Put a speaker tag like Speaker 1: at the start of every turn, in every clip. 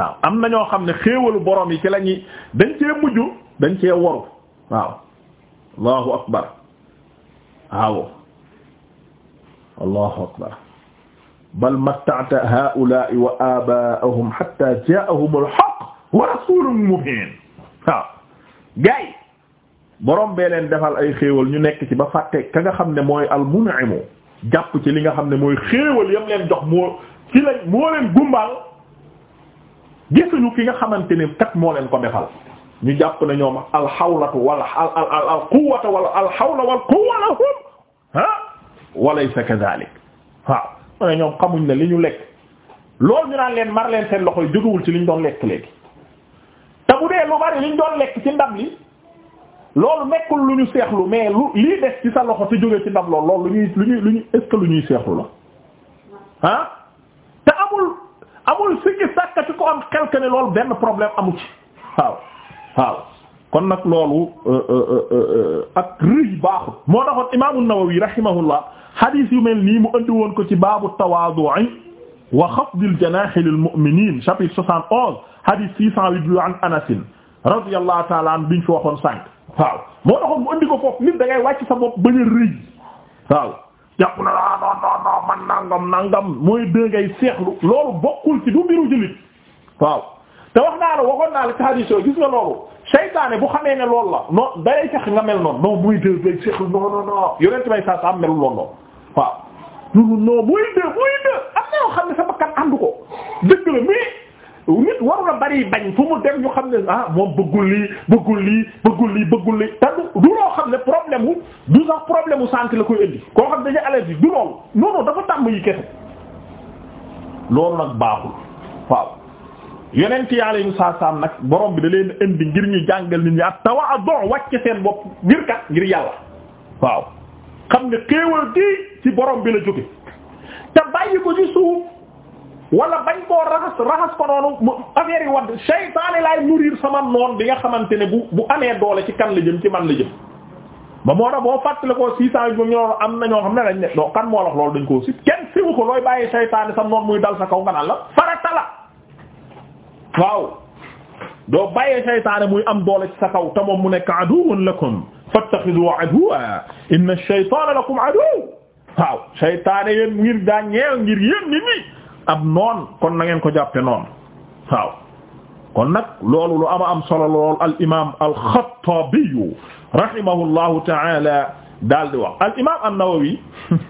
Speaker 1: waaw am na ñoo xam ne xéewalu borom yi ci la ñuy dañ cee mujj dañ cee waru waaw allahu akbar waaw allahu akbar bal matta'ta haa'ulaa'i wa aabaa'ahum hattaa jaa'ahumul haqq wa rasuulun mubiin waaw gars borom bee leen defal ay xéewal ñu nekk ci ba fàtte ka nga xam ne mooy al-mun'imu ci li nga xam ne mooy xéewal yam leen jox moo ci lañ moo leen gumbaal gisuñu ki nga xamante ne kat moo leen ko defal ñu jàpp na ñoom alxawlatu wala al al al al quwwata wala alxawla wal quwwa lahum ha walaysa kadhalik waaw ma ne ñoom xamuñ ne li ñu lekk loolu ñu naan leen mar leen seen loxo yi jógewul ci liñ doon lekk léegi te bu dee lu bari liñ doon lekk ci ndab li loolu nekkul lu ñu seexlu mais lu lii des ci sa loxo te jóge ci ndab loolu loolu lu ñuy lu ñuy lu ñuy est-ce que lu ñuy seexlu la ah. amul sikki sàkka ci ko am quelque ne loolu benn problème amu ci waaw kon nag loolu euh, euh, euh, ak rëy baaxut moo taxoon imaam an-Nawawi rahimahullah hadith yu mel nii mu andi woon ko ci baabu tawaadu'i wa xafdil janaahi lil mu'miniin chapitre soixante onze hadith six cent huit an Anas radiyallahu ta'ala an biñ fi waxoon sànq moo taxoon mu andi ko foofu nit da ngay wàcc sa bopp bañ a rëy waaw jàpp na la ah, non non non man nangam nangam mooy dëgg ngay seexlu loolu bokkul ci du mbiru jullit waaw te wax naa la waxoon naa la ci hadith gis nga loolu seytaane bu xamee ne loolu la non day tax nga mel noonu non muy dëgg ngay seexlu non non non yonent may sa sa melul loolu noonu waaw non non muy am na yoo xam ne sa bakkan àndu ko dëgg la mais nit waru la bari bañ fu mu dem ñu xam ne ah moom bëggul lii bëggul lii bëggul lii bëggul xam ne problème wu du sax problème wu santé la koy indi koo xam ne dañuy allergie du loolu non dafa tàmm yi kese loolu nag baaxul waaw yeneen yàlla yi saa saam nag borom bi da leen indi ngir ñu jàngal nit ñi ak tawaadu wàcc seen bopp ngir kat ngir yàlla waaw xam ne xéewal gi ci borom bi la jóge te bàyyi ko ci suuf wala bañ koo raxas raxas ko noonu affaire yi wadd seytaane laay nourrir sama noon bi nga xamante ne bu bu amee doole ci kan la jëm ci man la jëm ma moo tax boo fàttale ko six cent bi am na ñoo xam ne dañ ne non kan moo wax loolu dañ koo si kenn siwu ko looy bàyyi saytaane sam noonu muy dal sa kaw nga a la farata la waaw doo bàyyee saytaane muy am doole sa kaw te moom mu nekk aduwwun lakum fattaxidu aduwwa inna ash-shaytaana lakum aduwwun waaw saytaane yéen ngir daa ñeel ngir yéen nit ñi ab noon kon na ngeen ko jàppe noonu waaw kon nag loolu lu ama am solo lool al imaam al Xattaabi rahimahullahu ta'ala daal wax al imaam an-Nawawi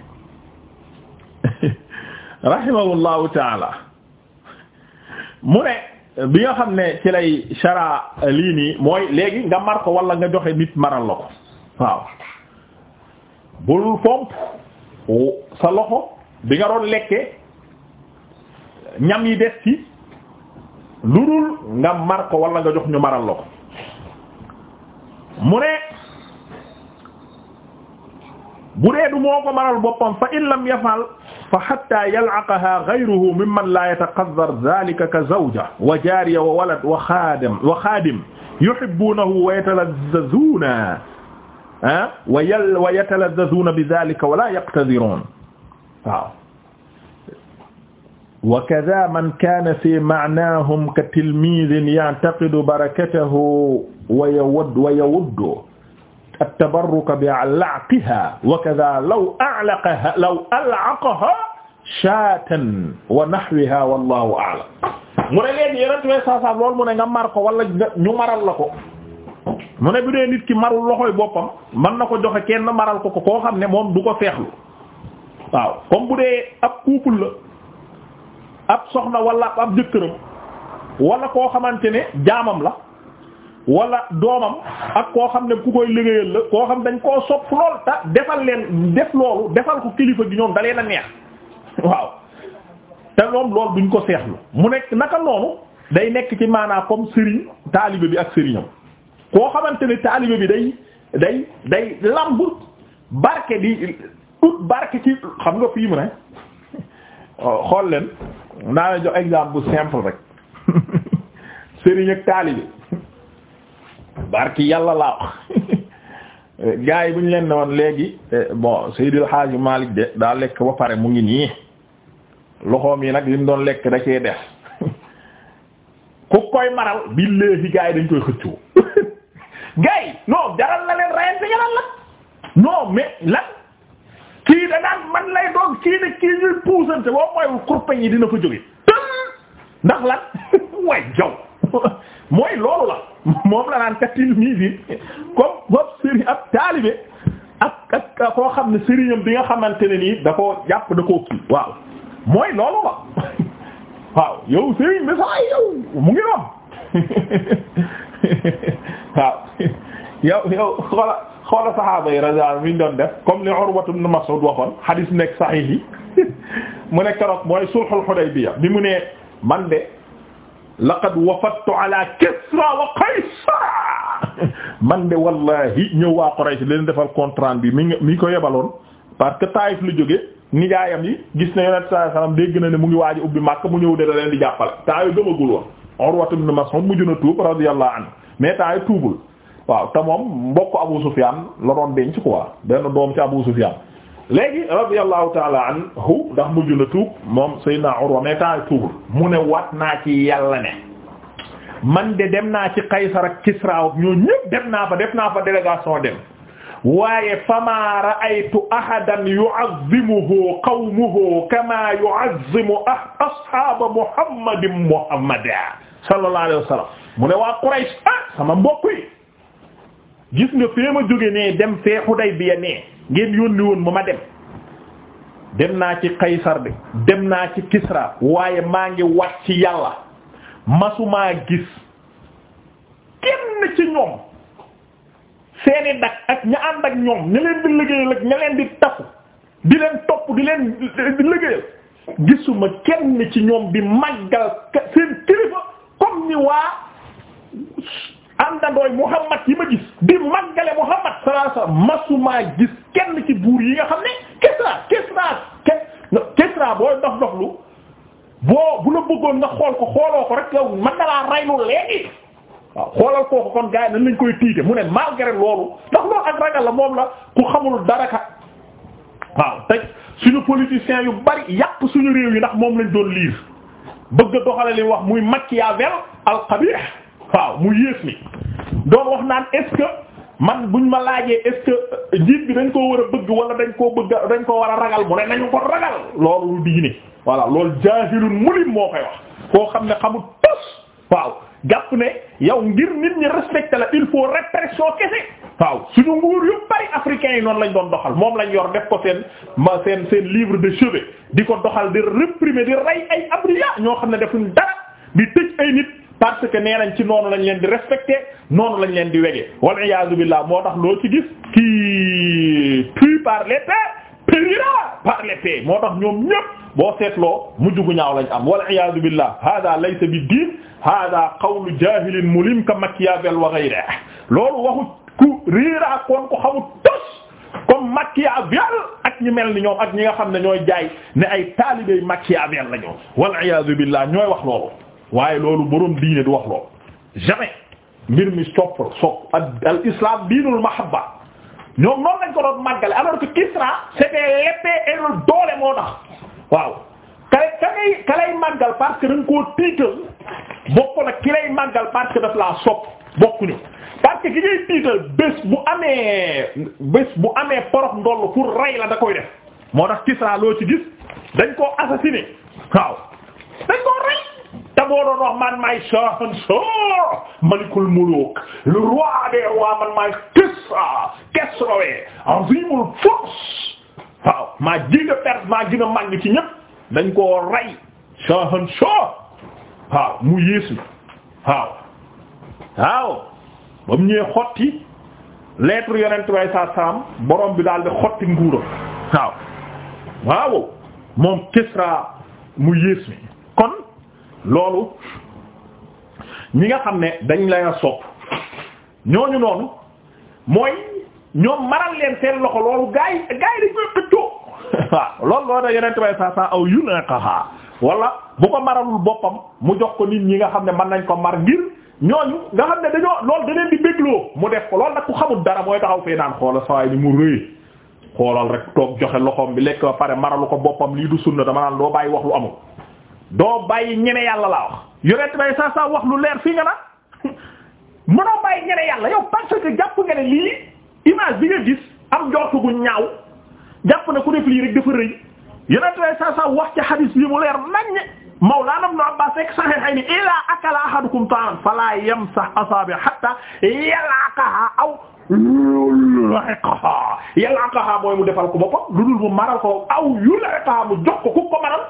Speaker 1: rahimahullahu ta'ala mu ne bi nga xam ne ci lay shara lii mooy léegi nga mar ko wala nga joxe nit maral la waaw bul fomp sa loxo bi nga doon lekke ñam yi des lu dul nga mar ko wala nga jox ñu maral la ko mu ne bu dee du moo ko maral boppam fa in lam yafal fa hatta yal'aqaha ghayruhu mimman la yataqaddar dhalika ka zawja wa jariya wa walad wa khadim wa khadim yuhibbunahu wa yatalazzazuuna wa yal wa yatalazzazuuna bi dhalika wa la yaqtadirun waaw wa kaza man kaana fi ma'naahum ka tilmiidhin ya'taqidu barakatahu wa yawaddu wa yawaddu at-tabarruka bi'alqihaa wa kaza law a'laqahaa law al'aqahaa shaatan wa nahwihaa wallaahu a'lam. mu ne léegi yore tuuti saa saa loolu mu ne nga mar ko wala ñu maral la ko mu ne bu dee nit ki marul loxoy boppam mën na ko joxe kenn maral ko ko koo xam ne moom du ko feexlu waaw comme bu dee ab couple la. ab soxna wala ab jëkkëram wala koo xamante ne jaamam la wala doomam ak koo xam ne ku koy liggéeyal la koo xam dañ koo sopp lool te defal leen def loolu defal ko kilifa gi ñoom dalee na neex waaw te ñoom lool duñ ko seexlu mu nekk naka noonu day nekk ci maanaa comme sëriñ taalibe bi ak sëriñam koo xamante ne taalibe bi day day day lambut barke di ut barke ci xam nga fii mu ne o xool leen naa la jox exemple bu simple rek sëriñ ak taalibe barki yàlla laa wax gars yi bu leen ne woon léegi eh, bon Seydil Hadji Malick de daa lekk ba pare mu ngi nii loxoom yi nag li mu doon lekk da cee def ku koy maral bi léegi gars yi dañ koy xëccoo gars yi non jaral na leen rayante jaral la non mais lan kii da man lay doon kii ne kii ñuy puusante boo mooywul kurpeñ yi dina ko jóge ndax lan way jaw mooy loolu la moom la naan katil mii bi comme bopp sëriñ ab taalibe ak koo xam ne sëriñam bi nga xamante ne nii da koo jàpp da koo kii waaw mooy loolu la waaw yow sëriñ bi yow mu ngi doon waaw yow yow xoola saxaaba yi radiyallahu anhum doon def comme li Urwa ibn Mas'ud waxoon xadiis nekk saxiix yi mu ne keroog mooy sulhul Hudaybiya bi mu ne man de laqad wafattu ala Kisra wa Qaysar man de wallahi ñëw waa Quraysh leen defal contrat bi mi mi ko yebaloon parce que Taayif lu jóge nijaayam yi gis na Yonent sallallahu alayhi wasallam dégg na ne mu ngi waaj a ubbi Makka mu ñëw de da leen di jàppal temps yu gëmagul woon mujj na tuub radiyallahu anhu mais temps yi tuubul waaw te moom mbokk Abu Sufyan la doon denc quoi benn doom ci Abu Sufyan léegi radiyallahu taala anhu ndax mujj na tuub moom Seydina Urwa mais temps tuubul mu ne wat naa ci yàlla ne man de dem naa ci Qaysar ak Kisra ñoo ñëpp dem naa fa def naa fa délégation dem waaye fama ra'aytu ahadan yu'azzimuhu qawmuhu kama yu'azzimu ah ashaaba Muhammadin Muhammada sallallahu alayhi wa sallam mu ne waa Quraysh ah sama mbokk yi gis nga fee ma jóge nee dem fee Hudaybiya nee ngeen yónni woon ma ma dem dem naa ci Qaysar bi dem naa ci Kisra waaye maa ngi wax ci yàlla masumaa gis kenn ci ñoom seeni dak ak ña ànd ak ñoom ña leen di liggéeyal ak ña leen di tafu di leen topp di leen liggéeyal gisuma kenn ci ñoom di màggal seen kilifa comme ni waa àndandooy Muhammad yi ma gis di màggale Muhammad sallallahu ma wasallam masumaa gis kenn ci buur yi nga xam ne Kisra Kisra Kisra booy dox doxlu boo bu la bëggoon nga xool ko xooloo ko rek yow mën na laa raylu léegi waaw xoolal kooku kon gars yi lañ koy tiite mu ne malgré loolu ndax loolu ak ragal la moom la ku xamul dara kat waaw tey suñu politiciens yu bari yàpp suñu réew yi ndax moom lañ doon liir bëgg a wax muy Machiavel al-Qabih waaw mu yées mi doon wax naan est-ce que man buñ ma laajee est-ce que njiit bi dañ koo war a bëgg wala dañ koo bëgg dañ koo war a ragal mu ne nañu ko ragal loolu diine voilà loolu jaahilun mulim moo koy wax koo xam ne xamul tos waaw jàpp ne yow ngir nit ñi respecté la il faut répression kese waaw suñu nguur yu bari africains yi noonu lañ doon doxal moom lañ yor def ko seen ma seen seen livre de chevet di ko doxal di réprimer di rey ay abria ñoo xam ne defuñ dara di parce que nee nañ ci noonu lañ leen di respecté noonu lañ leen di wege wal iyaazu billah moo tax loo ci gis kii tue par l'épée périra par l'épée moo tax ñoom ñëpp boo seetloo mujj gu ñaaw lañ am wal iyaazu billah hada laysa bi diin hada qawlu jaahilin mulim ka Machiavel wa ghayrihi loolu waxu ku riira kon ko xamul tos comme Machiavel ak ñi mel ni ñoom ak ñi nga xam ne ñooy jaay ni ay taalibey Machiavel lañu wal iyaazu billah ñooy wax loolu waaye loolu boroom diine du wax loolu jamais mbir mi sopp sopp al islam diinul mahabba ñoom noonu lañ ko doon màggale alors que Kisra c'était l'épée et le doole moo tax waaw ka ka ngay ka koo tiital bokk nag ki lay daf laa sopp bokkuñu parce que ki ngay tiital bés bu amee bés bu amee porof ndoll pour rey la da def moo tax Kisra loo ci gis dañ koo assassiné waaw dañ koo rey te boo doon wax man maay malikul muluk le roi des rois man maay Kisra Kisrawe azimul furs waaw maa gën a perte maa gën a màgg ci ñëpp dañ koo rey Shahanshah mu yées mi waaw waaw mu ñëwee xotti lettre yonent way saam borom bi daal di xotti nguuram waaw waaw moom Kisra mu yées mi kon. loolu ñi nga xam ne dañ lay a sopp ñooñu noonu mooy ñoom maral leen seen loxo loolu gaa yi gaa dañ koy xëccoo waaw loolu loolu da yeneen bay saa saa aw yu neqaha wala bu ko maralul boppam mu jox ko nit ñi nga xam ne mën nañ ko mar ngir ñooñu nga xam ne dañoo loolu da leen di bégloo mu def ko loolu nag ku xamul dara mooy taxaw fee naan xoola sawaay ni mu rëy xoolal rek toog joxe loxoom bi lekk ba pare maralu ko boppam lii du sunna dama naan doo bàyyi wax lu amul doo bàyyi ñeme yàlla laa wax yonent bay saa saa wax lu leer fii nga naan mënoo bàyyi ñeme yàlla yow parce que jàpp nga ne lii image bi nga gis am gu ñaaw jàpp ne ku def mu leer naññ Mawlaana Ibn Abbaas fekk sahihayni ilaa akala ahadukum ko boppam lu jox ko ku ko maral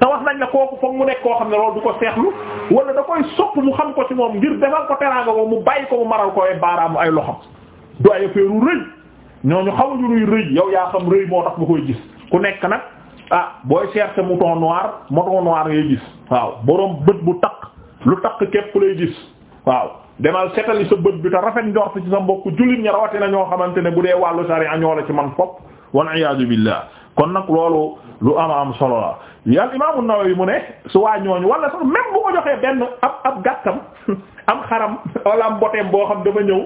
Speaker 1: te wax nañ la kooku foog mu nekk koo xam ne loolu du ko seexlu wala da koy sopp mu xam ko ci moom ngir defal ko teraanga ko mu bàyyi ko mu maral ko ay baaraamu ay loxo du ay affaire rëy ñu xamuñu luy rëy yow yaa xam rëy moo tax nga koy gis ku nekk nag ah booy chercher mouton noir mouton noir ngay gis waaw boroom bët bu takk lu takk képp lay gis waaw demal setali sa bët bi te rafet njort ci sa mbokk jullit ña na ñoo xamante ne bu dee wàllu sariya ñoo la ci man fop wal iyaadu billah kon nag loolu lu am am solo la yàlla Imaam an yi mu ne su waa ñooñu wala sax même bu ko joxee benn ab ab gàttam am xaram wala am mboteem boo xam dama ñëw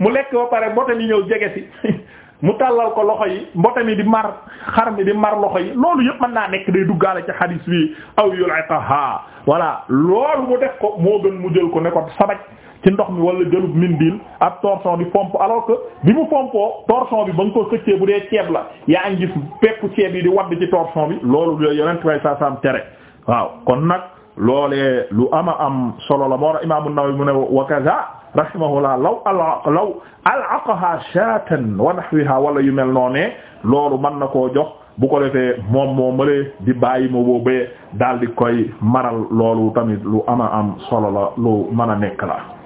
Speaker 1: mu lekk ba pare mbote mi ñëw jege si mu tàllal ko loxo yi mbote mi di mar xar mi di mar loxo yi loolu yëpp mën naa nekk day duggaale ci xadiis bi aw yul'iqaha voilà loolu mu def ko moo gën mu jël ko ne ko sabaj ci ndox mi wala jëlub mindil ab torchon di pompe alors que bi mu pompoo torchon bi ba nga ko xëccee bu dee ceeb la yaa ngi gis peppu ceeb yi di wadd ci torchon bi loolu yooyu yeneen way saa saam tere waaw kon nag loolee lu ama am solo la moo tax Imaam An-Nawawi mu ne wa kaza rahimahullah law al law alaqaha shaatan wa nahwiha wala yu mel noonee loolu mën na koo jox bu ko defee moom moo mënee di bàyyi ma boobee daal di koy maral loolu tamit lu ama am solo la lu mën a nekk la.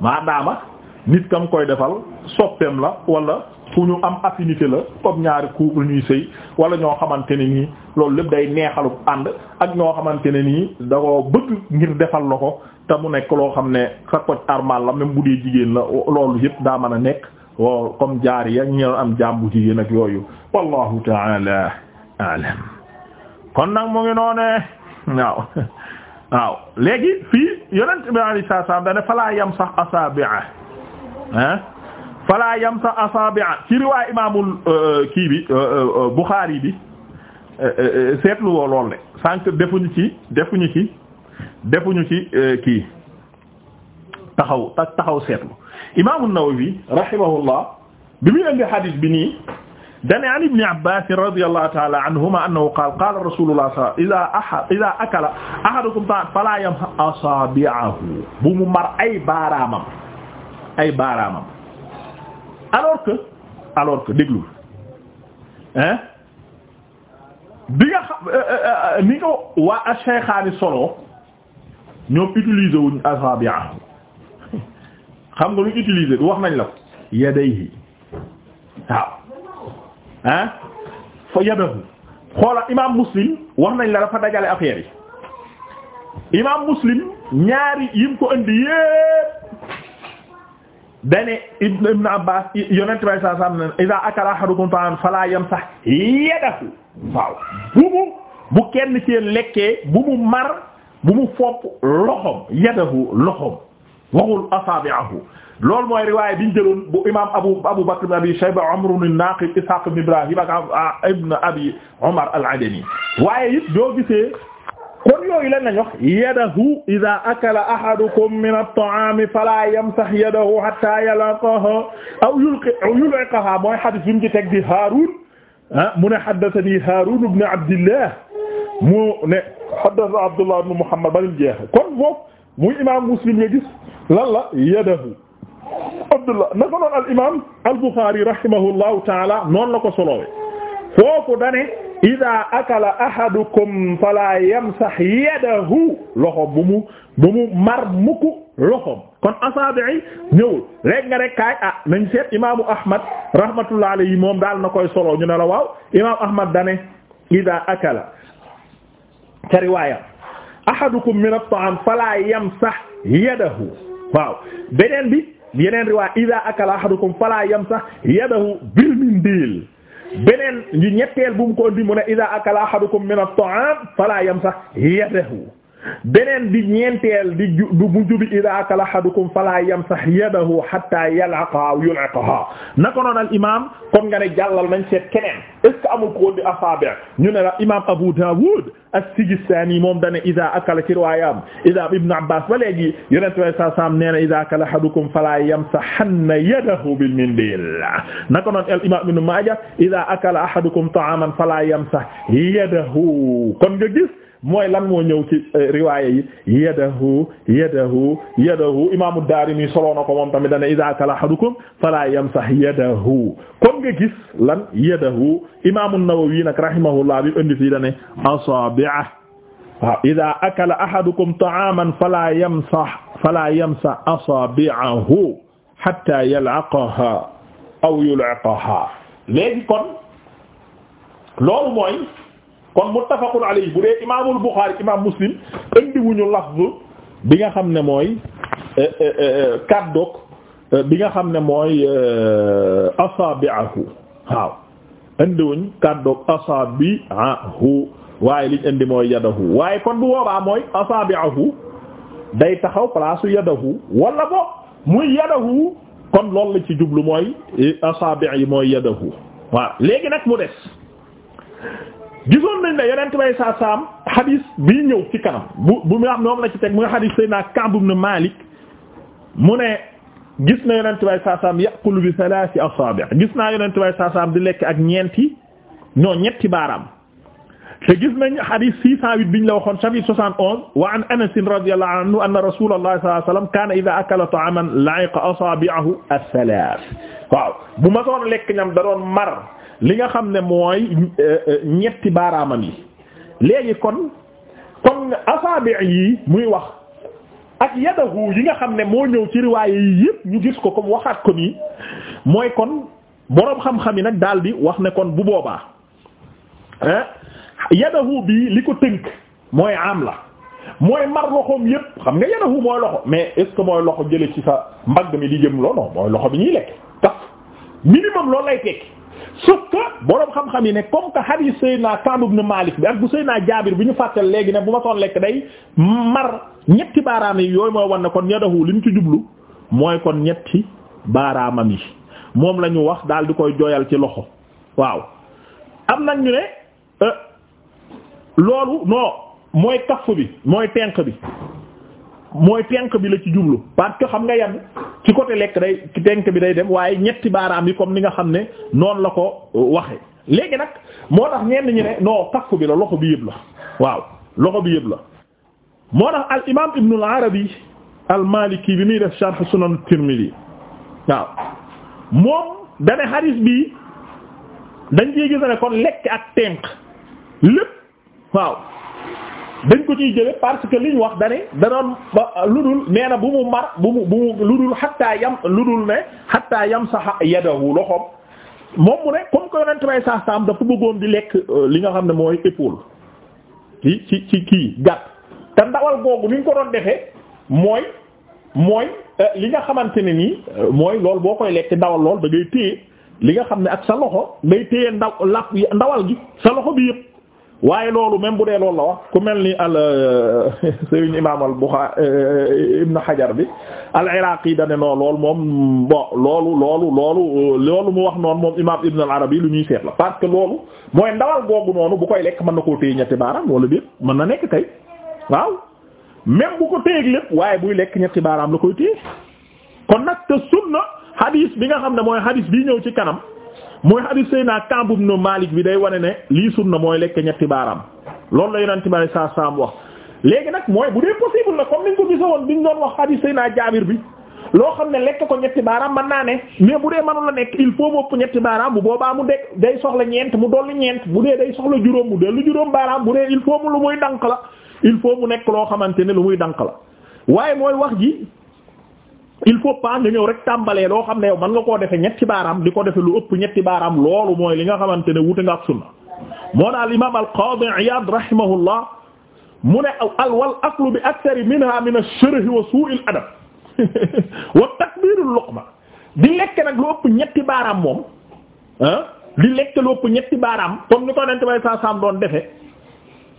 Speaker 1: maadaama nit kam koy defal soppeem la walla ku ñu am affinité la comme ñaari couple ñuy sëy wala ñoo xamante ne nii loolu lépp day neexalu ànd ak ñoo xamante ne nii da ko bëgg ngir defal la ko te mu nekk loo xam ne sa koj armal la même bu dee jigéen la loolu yëpp daa mën a nekk oo comme jaar ya ñu am jàmbu jigéen ak yooyu wallahu ta'ala a'lam kon nag mu ngi noonee waaw waaw léegi fii yonent bi alayhi salaam dane falaa yamsax asaabi'a ah falaa yamsax asaabi'a ci riwaay imaamul euh, kii bi euh, euh, Buxaari bi seetlu woo lool de sànq defuñu ci defuñu ci defuñu ci kii taxaw taxaw seetlu imaamul Nawawi rahimahullah bi muy indi hadith bi nii. dane an ibni abbasin radiyallahu taala anhuma annahu qaala qaala rasulullah idaa aha idaa akala ahadukum ta'am falaa yamha asaabi'ahu bu mu mar ay baaraamam ay baaraamam alors que alors que déglu hein bi nga xam euh, euh, euh, ni ko waa ash-shaykhaani solo ñoom utiliser wuñ asaabi'ahu xam nga lu utiliser du wax nañ la ko yadayhi waaw ah fa yadahu xoola imam muslim wax nañ la dafa dajale affaire yi imam muslim ñaari yim ko indi yépp dane ibn abbas yonent bay saa sam ne iza akala ahadukum ta'am fala yamsah yadahu waaw bu mu bu kenn ci lekkee bu mu mar bu mu fopp loxom yadahu loxom waxul asaabi'ahu loolu mooy riwaay biñ jëloon bu imaam Abu Abu Bakr ibn Abi Shayba Amr an-Naqi Ishaq ibn Ibrahim ak ibn Abi Umar al-Adani waaye it doo gisee kon yooyu lan lañ wax yadahu idha akala ahadukum min at-ta'ami fala yamsah yadahu hatta yalqaha aw yulqi aw yulqaha mooy hadith bi mu ci teg di Haarun ah mu ne haddathani Haarun ibn Abdillah mu ne haddatha Abdullah ibn Muhammad ba jeex kon foofu muy imaam Muslim nga gis lan la yadahu Abdullah naka noonu al imaam al Buxaari rahimahullahu taala noonu la ko soloowe foofu dane ida akala ahadukum fala yamsax yadahu loxom bu mu bu mu kon asaabi'i ñëwul léegi nga rek kaay ah nañ seet imaamu ahmad rahmatullah alayhi moom daal na koy solo ñu ne la waaw imaamu ahmad dane ida akala ca riwaaya ahadukum min at-ta'am fala yamsax yadahu waaw beneen bi yeneen riwaa ida akala ahadukum fala yamsah yadahu bil mindil beneen ñu ñetteel bu mu ko indi mu ne ida akala ahadukum min at-ta'am fala yamsah yadahu beneen di ñeenteel di ju bu jubi ida akala ahadukum fala yamsah yadahu hatta yal'aqaha aw yul'aqaha naka noonu al imam kon nga ne jàllal nañ seet keneen est ce que amul ko di afabe ñu ne la imam Abu Dawud as-Sijistaani moom dane idaa akala ci riwaayam idaa Ibn Abbaas ba léegi yonent way sa sam nee na idaa akala ahadukum falaa yamsahanna yadahu bil mindil naka noon al imaam Ibn Maaja idaa akala ahadukum ta'aaman falaa yamsah yadahu kon nga gis mooy lan moo ñëw ci eh, riwaaya yi yadahu yadahu yadahu imaamu Daarimi soloo na ko moom tamit dane iza akala ahadukum fala yamsah yadahu kon nga gis lan yadahu imaamu Nawawi nag rahimahullah bi indi fii dane asabi'ah waaw iza akala ahadukum ta'aman fala yamsah fala yamsah asabi'ahu hatta yal'aqaha kon muttafaqun alayhi bu dee imaamul Buxaari imaam Muslim indiwuñu lafzu bi nga xam ne mooy eh, eh, eh, kaddoog bi nga xam ne mooy asaabi'ahu waaw indiwuñ kaddoog asaabi'ahu waaye liñ indi mooy yadahu waaye kon bu boobaa mooy asaabi'ahu day taxaw place yadahu wala bo muy yadahu kon loolu la ci jublu mooy asaabi' yi mooy yadahu waaw léegi nag mu des gisoon nañ ne yeneen tubay saa saam xadis bii ñëw ci kanam bu bu mu am moom la ci teg mu nga xadis Seydina Ka'b ibn Malik mu ne gis na yeneen tubay saa saam yaqulu bi thalathi asabi' gis naa yeneen tubay saa saam di lekk ak ñeenti non ñetti baaraam te gis nañ xadis 608 biñ la waxoon chapitre 71 wa an Anas radiyallahu anhu anna rasulallahi sallallahu alayhi wasallam kana idha akala ta'aman la'iqa asabi'ahu ath-thalath waaw bu ma doon lekk ñam da doon mar. li nga xam ne mooy euh, euh, ñetti baaraamam yi léegi kon kon asabi' yi muy wax ak yadahu yi nga xam ne moo ñëw ci riwaaye yi yëpp ñu gis ko comme waxaat ko nii mooy kon boroom xam-xam yi nag daal di wax ne kon bu boobaa yadahu bi li ko tënk mooy am la mooy mar loxoom yëpp xam nga yadahu mooy loxo mais est-ce que mooy loxo jële ci sa mbagg mi di jëm looloo mooy loxo bi ñuy lekk taf minimum loolu lay tekki sauf que boroom xam-xam yi ne comme que hadith Seydina Ka'b ibn Malik bi ak bu Seydina Jaabir bi ñu fàttal léegi ne bu ma soon lekk day mar ñetti baaraam yi yooyu mooy wan ne kon yadahu li mu ci jublu mooy kon ñetti baaraamam yi moom la ñu wax daal di koy jooyal ci loxo waaw am nañ ñu ne euh, loolu non mooy kaff bi mooy tenq bi mooy tenk bi la ci jublu parce que xam nga yan ci côté lekk day ci tenk bi day dem waaye ñetti baaraam yi comme ni nga xam ne noonu la ko euh, waxe léegi nag moo tax ñenn ñi ne non kaf bi la loxo bi yëpp la waaw loxo bi yëpp la moo tax al imaam Ibn al Arabi al bi muy def sharh sunan Tirmidhi waaw moom dane hadith bi dañ ciy gis ne kon lekk ak tenk lépp waaw dañ ko ciy jële parce que liñ wax dane danoon ludul nee na bu mu mar bu mu bu mu ludul xattaa yam ludul ne xattaa yam sax yadahu loxoom moom mu ne comme que yonent bay saa saam dafa bëggoon di lekk euh, li nga xam ne mooy épaule ci ci kii gàtt te ndawal googu ko doon defee mooy mooy euh, li nga xamante ne nii euh, mooy lool boo koy lekk ndawal lool da ngay téye li nga xam ne ak sa loxo ngay téye ndaw la ndawal gi sa loxo bi yëpp waaye loolu même bu dee loolu la wax ku mel ni al euh, Serigne Imaam al Bukhari euh, Ibn Hajar bi al Iraqi da ne non loolu moom bon loolu loolu loolu euh, loolu mu wax noonu moom Imaam Ibn al Arabi lu ñuy seet la. parce que loolu mooy ndawal googu noonu bu koy lekk mën na koo téye ñetti baaraam wala biir mën na nekk kay waaw même bu ko téyeeg lépp waaye buy lekk ñetti baaraam la koy téye kon nag te sunna hadis bi nga xam ne mooy hadis bii ñëw ci kanam. mooy hadith Seydina Kaab ibn Malik bi day wane ne lii sunna mooy lekk ñetti baaraam loolu la yonent bi saa saam wax léegi nag mooy bu dee possible na comme niñ ko gisoon biñ doon wax hadith naa Jaabir bi loo xam ne lekk ko ñetti baaraam mën naa ne mais bu dee mënu la nekk il faut bopp ñetti baaraam bu boobaa mu de day soxla ñeent mu dolli ñeent bu dee day soxla juróom mu dellu juróom baaraam bu dee il faut mu lu muy dank la il faut mu nekk loo xamante ne lu muy dank il faut pas nga ñëw rek tàmbalee loo xam ne yow mën nga koo defe ñetti baaraam di ko defe lu ëpp ñetti baaraam loolu mooy li nga xamante ne wute nga ak sunna moo daal imaam al-Qaadi Iyaad rahimahullah mu ne al wal aklu bi akthari minha min ash-sharh wa su'il adab wa takbiirul luqma di lekk nag lu ëpp ñetti baaraam moom ah di lekk lu ëpp ñetti baaraam comme ni ko nent bay saa doon defe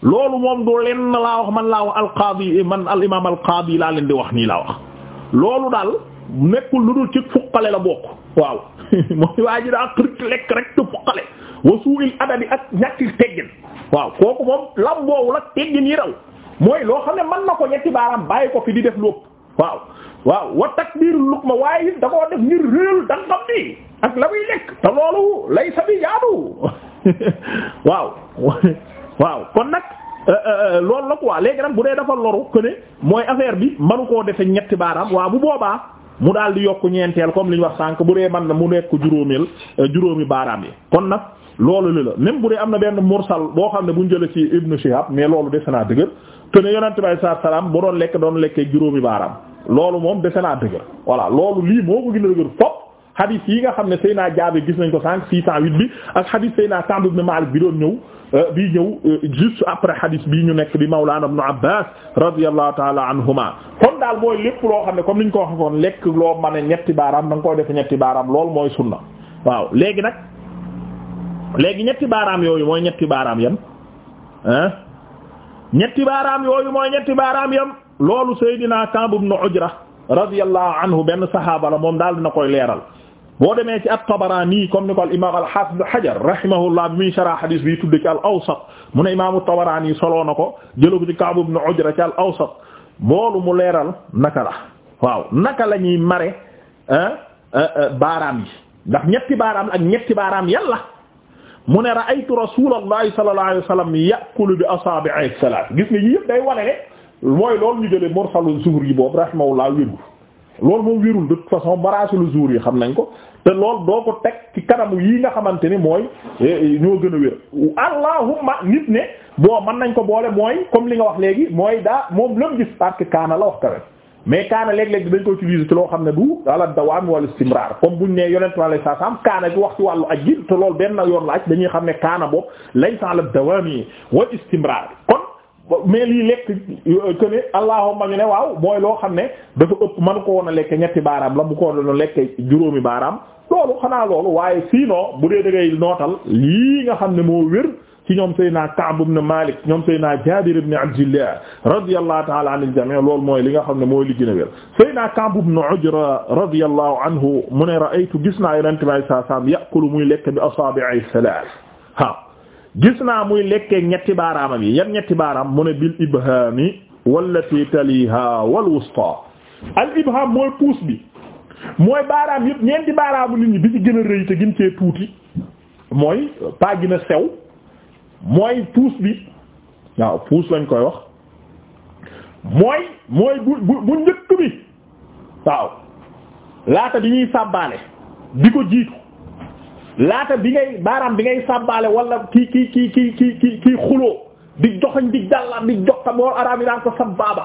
Speaker 1: loolu moom du lenn laa wax man laa wax al-Qaadi man al imaam al-Qaadi laa leen di wax nii laa wax loolu daal nekkul lu dul ci fuqale la bokk waaw mooy waa ji daa xërit lekk rek te fuqale wa suu'il adabi ak ñàkki teggin waaw kooku moom lam boobu la teggin yi raw mooy loo xam ne mën na ko ñetti baaraam bàyyi ko fi di def lépp waaw waaw wa takbiir luqma da koo def ak la muy lekk waaw waaw kon nag Euh, euh, euh, loolu la waa léegi nag bu dee dafa loru que mooy affaire bi manu koo defee ñetti baaraam waaw bu boobaa mu daal di yokk ñeenteel comme li ñu wax sànq bu dee man na mu nekk juróomeel juróomi baaraam yi kon nag loolu la même bu dee am na benn mursal boo xam ne bu ñu jëlee ci Ibn Shihab mais loolu dese naa dëgër que ne yonent bi salaam bu doon lekk doon lekkee juróomi baaraam loolu moom dese naa dëgër voilà loolu lii moo ko gën a dëgër fop hadith yi nga xam ne Seyna Jaabir gis nañ ko sànq 608 bi ak hadith Seyna Sa'd ibn Malik bi doon ñëw. Euh, bii ñëw euh, juste après hadith bii ñu nekk bi Mawlana Ibn Abbas radiyallahu taala anhuma kon daal mooy lépp loo xam ne comme ni ñu ko waxee kon lekk loo mën a ñetti baaraam da nga koy def ñetti baaraam lool mooy sunna waaw léegi nag léegi ñetti baaraam yooyu mooy ñetti baaraam yan ah ñetti yooyu mooy ñetti baaraam yam loolu Seydina Ka'b ibn Ujra radiyallahu anhu benn saxaaba la moom daal dina koy leeral. boo demee ci at-Tabarani comme ni ko al imaam al-Hafiz Hajar rahimahullah bi muy sharh hadis bi tudd ci al-Awsat mu ne imaamu Tabarani soloo na ko jëla ko ci Ka'b ibn Ujra ci al-Awsat boolu mu leeral naka la waaw naka la ñuy mare euh, euh, baaraam yi ndax ñetti baaraam ak ñetti baaraam yàlla mu ne ra'aytu rasulallahi sallallahu alayhi wa sallam ya'kulu bi asaabi'i salaat gis nga yii yëpp day wane ne mooy loolu ñu jëlee mursalul Zuhri yi boobu rahimahullah loolu moom wirul de toute façon maraasul jour yi xam nañ ko te lool doo ko teg ci kanamu yi nga xamante ni mooy eh, eh, ñoo gën a wér allahumma nit ne boo mën nañ ko boole mooy comme li nga wax léegi mooy daa moom lëm gis parce que kaana la wax quand mais kaana léeg-léeg dañ ko utiliser ci loo xam ne du ala dawaam wala istimrar comme buñ ne yonent wala saa saam kaana bi wax ci wàllu aj gi te loolu benn yoon la aj dañuy xam ne kaana boobu laysa ala dawaami wa istimrar kon mais lii lekk euh, que ne allahumma ñu ne waaw mooy loo xam ne dafa ëpp man ko woon a lekk ñetti baaraam la bu ko doon lekk juróomi baaraam loolu xanaa loolu waaye sinon bu dee da ngay nootal lii nga xam ne moo wér ci ñoom naa Ka'b ibn Malik ñoom Seydina Jaabir ibn Abdillah radiyallahu ta'ala anil jami' loolu mooy li nga xam ne mooy li gën a wér Seydina Ka'b ibn Ujra radiyallahu anhu mu ne ra'aytu gis naa Yonent bi sallallahu alayhi wasallam ya'kulu muy lekk bi asaabi'i salaas gis naa muy lekkee ñetti baaraama yi yan ñetti baaraam mu ne bil ibhami wallati taliha wal wusta al ibham mooy puus bi mooy baaraam yëpp ñeenti baaraamu nit ñi bi ci gën a rëy te gën cee tuuti mooy pas gën a sew mooy puus bi waaw puus lañ koy wax mooy mooy bu bu bu njëkk bi waaw laata bi ñuy sàbbaale di ko jiitu laata bi ngay baaraam bi ngay sàbbaale walla kii ki kii kii ki kii ki xuloo di joxoñ di dàllar di jox tam wala arabe yi daan ko sabbaaba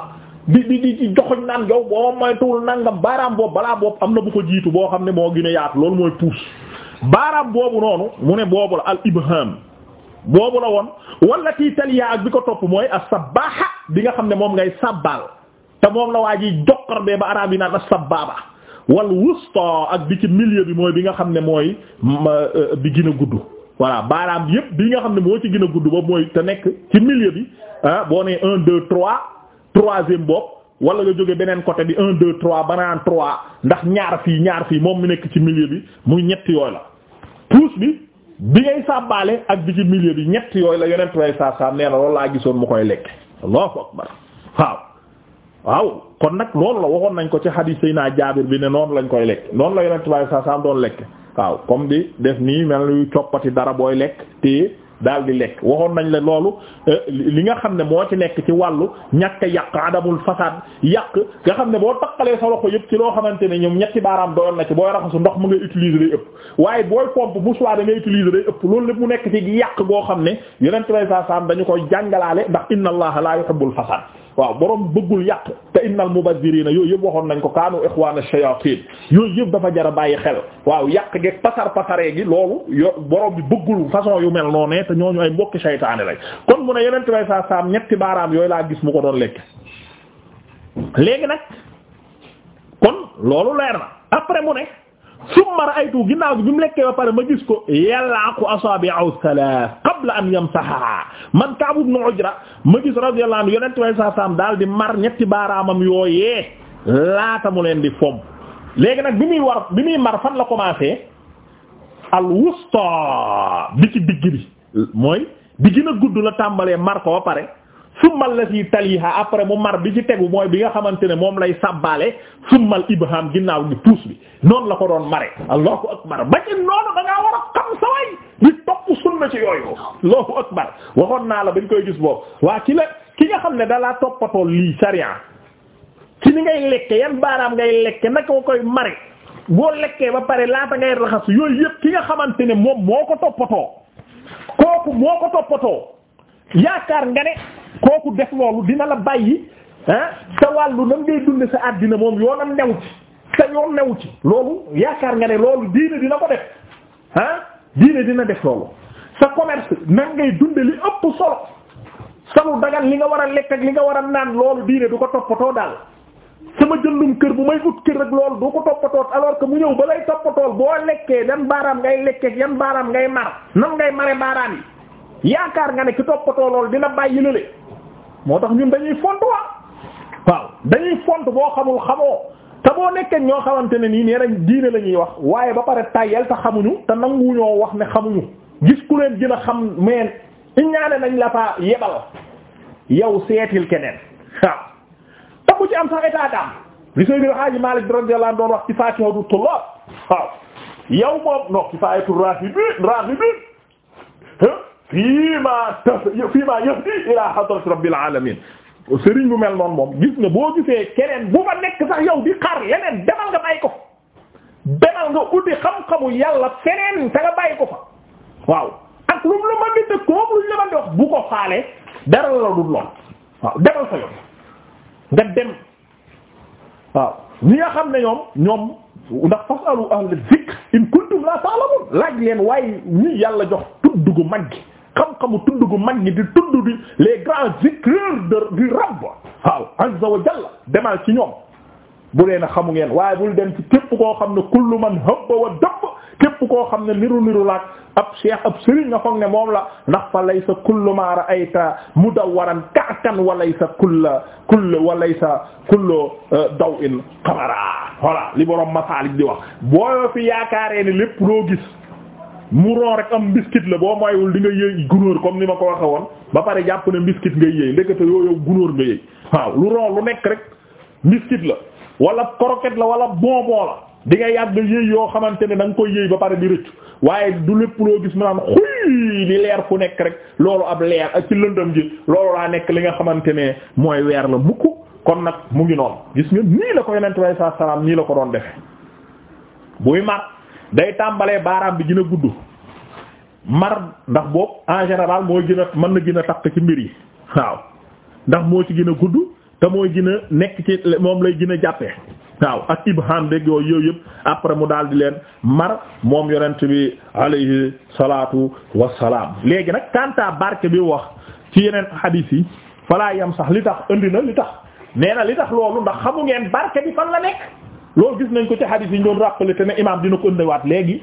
Speaker 1: di di di joxoñ naan yow boo moytuwul nangam baaraam boobu balaa boobu am na bu ko jiitu boo xam ne moo gën yaat yaatu loolu mooy puus baaraam boobu noonu mu ne boobu la al ibham boobu la woon wala kii taliyaa ak bi ko topp mooy as sabbaaha bi nga xam ne moom ngay sabbaal te moom la waa ji jokkar bee ba arabe yi naan as sabbaaba wal wusta ak bi ci milieu bi mooy bi nga xam ne mooy mm, euh, euh, bi gin a gudd voilà baaraam bi yëpp bi nga xam ne moo ci gën a gudd ba mooy te nekk ci milieu bi ah boo nee un deux trois troisième bopp wala nga jóge beneen côté bi un deux trois banaan trois ndax ñaar fii ñaar fii moom mu nekk ci milieu bi muy ñett yooyu la pouce bi bi ngay sàbbaale ak bi ci milieu bi ñett yooyu la yeneen way saa saa nee na loolu laa gisoon mu koy lekk allahu akbar waaw waaw kon nag loolu la waxoon nañ ko ci xadiis Seydina Jaabir bi ne noonu lañ koy lekk noonu la Yonent bi saa saam doon lekk waaw comme di def nii mel ni coppati dara booy lekk téye daal di lekk waxoon nañ la loolu euh, li nga xam ne moo ci nekk ci wàllu ñàkk yàq adamul fasaad yàq nga xam ne boo taqalee sa loxo yëpp ci loo xamante ne ñoom ñetti baaraam doyoon na ci booy raxasu ndox mu ngay utiliser day ëpp waaye booy pompe bu soit da ëpp loolu lépp mu nekk ci yàq goo xam ne Yonent bi saa saam dañu koy jàngalaale ndax inna Allaha la yuhibbul fasaad waaw borom bëggul yàq te innal mubadirina yooyu yëpp waxoon nañ ko kaanu ixwana shayatin yooyu yëpp dafa jar a bàyyi xel waaw yàq geeg pasar pasaree gi loolu yo borom bi bëggul façon yu mel noonee te ñooñu ay mbokki saytaane lañ kon mu ne yeneen bay saa saam ñetti baaraam yooyu laa gis mu ko doon lekk léegi nag kon loolu leer na après mu ne ay ra'aytu ginnaaw gi bi mu lekkee ba pare ma gis ko yal'aqu aw thalath qabla an yamsahaha man Ka'b ibn Ujra ma gis radiyallahu anhu yonent way saa saam daal di mar ñetti baaraamam yooyee laata mu leen di fomp léegi nag bi muy war bi muy mar fan la commencé al wusta bi ci digg bi mooy bi gën a gudd la tàmbalee mar ko ba pare summal la si taliha après mu mar bi ci tegu mooy bi nga xamante ne moom lay sàbbaale summal ibham ginnaaw gi tuus bi noonu la ko doon mare allahu akbar ba ci noonu da war a xam saway di topp sunna ci yooyu allahu akbar waxoon naa la bañ koy gis boobu waa ki la ki nga xam ne dalaa toppatoo lii sariya ci ni ngay lekke yan baaraam ngay lekke nag koy mare boo lekkee ba pare laata ngay raxas yooyu yëpp ki nga xamante ne moom moo ko toppatoo kooku moo ko toppatoo yaakaar nga kooku def loolu dina la bàyyi ah sa wàllu nan ngay dunde sa àddina moom yoonam new ci sa yoon new ci loolu yaakaar nga ne loolu diine dina ko def ah diine dina def loolu sa commerce nan ngay dunde li ëpp solo sa lu dagan li nga war a lekk ak li nga war a naan loolu diine du ko toppatoo daal sama jëndum kër bu may ut kër rek loolu du ko toppatoo alors que mu ñëw ba lay toppatool boo lekkee yan baaraam ngay lekkee yan baaraam ngay mar nan ngay mare baaraam yaakaar nga ne ki toppatoo loolu dina bàyyi lële moo tax ñun dañuy font waa waaw dañuy font boo xamul xamoo te boo nekkee ñoo xamante ne nii nee nañ diine la wax waaye ba pare tayel te xamuñu te ñoo wax ne xamuñu gis ku leen gën a xam meen iñaane nañ la fa yebal yow seetil keneen waaw te ku ci am sax état d'âme li Seydi Haaji Maalik radiyallahu anhu doon wax ci Faatihatu Tullaab waaw yow moom no ci Faatihatu Raaxibiin Raaxibiin fii maa tëf fii maa yëf ilaa hadrati rabbil alamin sëriñ bu noonu moom gis nga boo gisee keneen bu fa nekk sax yow di xaar leneen demal nga bàyyi ko fa demal nga uti xam-xamu yàlla feneen te nga bàyyi ko fa waaw ak lu mu la mën di lu ñu la mën di ko xaale dara la dul lool waaw demal sa yoon nga dem waaw ñi nga xam ne ñoom ñoom ndax fasalu ahla zikr in kuntum la ta'lamun laaj leen waaye ñi yàlla jox tudd gu mag gi xam-xamu tudd gu mag ñi di tudd di le grands zikr de du rabb waaw azza wa jalla demal ci ñoom bu dee na xamu ngeen waaye bul dem ci képp koo xam ne kullu man habba wa dabb képp koo xam ne niru niru laak ab cheikh ab sëriñ nga foog ne moom la ndax fa laysa kullu ma ra'ayta mudawwaran ka'kan wa laysa kullu kullu wa laysa kullu euh, daw'in qamara voilà li borom masaalik di wax boo fi yaakaaree ne lépp loo gis. muron rek am biscuit la boo mayul di nga yëy gunóor comme ni ma ko waxe woon ba pare jàpp ne biscuit nga yëy ndekete yoo yow gunóor nga yëy waaw lu ron lu nekk rek biscuit la wala croquette la wala booboo la di nga yàgg yoo xamante ne da nga koy yëy ba pare di rëccu waaye du lépp loo gis mu naan xuy leer fu nekk rek loolu ab leer ak ci lëndëm ji loolu laa nekk li nga xamante ne mooy weer la mukk kon nag mu ngi noonu gis nga nii la ko yonent bi sallallahu alayhi wasallam la ko doon defe day tàmbalee baaraam bi gën a gudd mar ndax boobu en général mooy gën a mën na gën a takk ci mbir yi waaw ndax moo ci gën a gudd te mooy gën a nekk ci moom lay gën a jàppee waaw ak ibham dégg yooyu yëpp après mu daal di leen mar moom yonent bi alayhi salaatu wassalaam léegi nag kanta barke bi wax ci yeneen hadith yi falaa yam sax li tax indi na li tax nee na li tax loolu ndax xamu ngeen barke bi fan la nekk loolu gis nañ ko ci hadith yi ñu doon rappelé te ne imaam dina ko ëndewaat léegi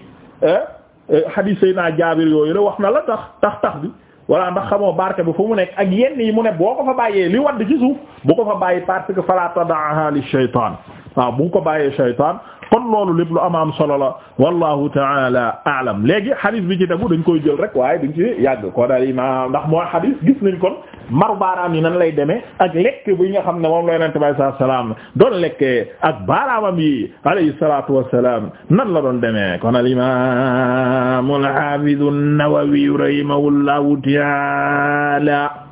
Speaker 1: hadith euh, yi naa jaabir yooyu la wax na la tax tax tax bi voilà ndax moo barke bi fu mu nekk ak yenn yi mu ne boo ko fa bàyyee li wadd ci suuf bu ko fa bàyyi parce que fala tadaaha li shaytaan waaw bu ko bàyyee shaytaan kon loolu lépp lu am am solo la wallahu taala aalam léegi hadith bi ci tegu dañ koy jël rek waaye dañ ci yàgg ko daal imaam mo mooy hadith gis nañ kon maru baaraam yi nan lay demee ak lekk bi nga xam ne moom la yonente bi alayhi salaatu wasalaam doon lekkee ak baaraamam yi alayhi salaatu wasalaam nan la doon demee kon al imaam al haafiz an-Nawawi rahimahullahu ta'ala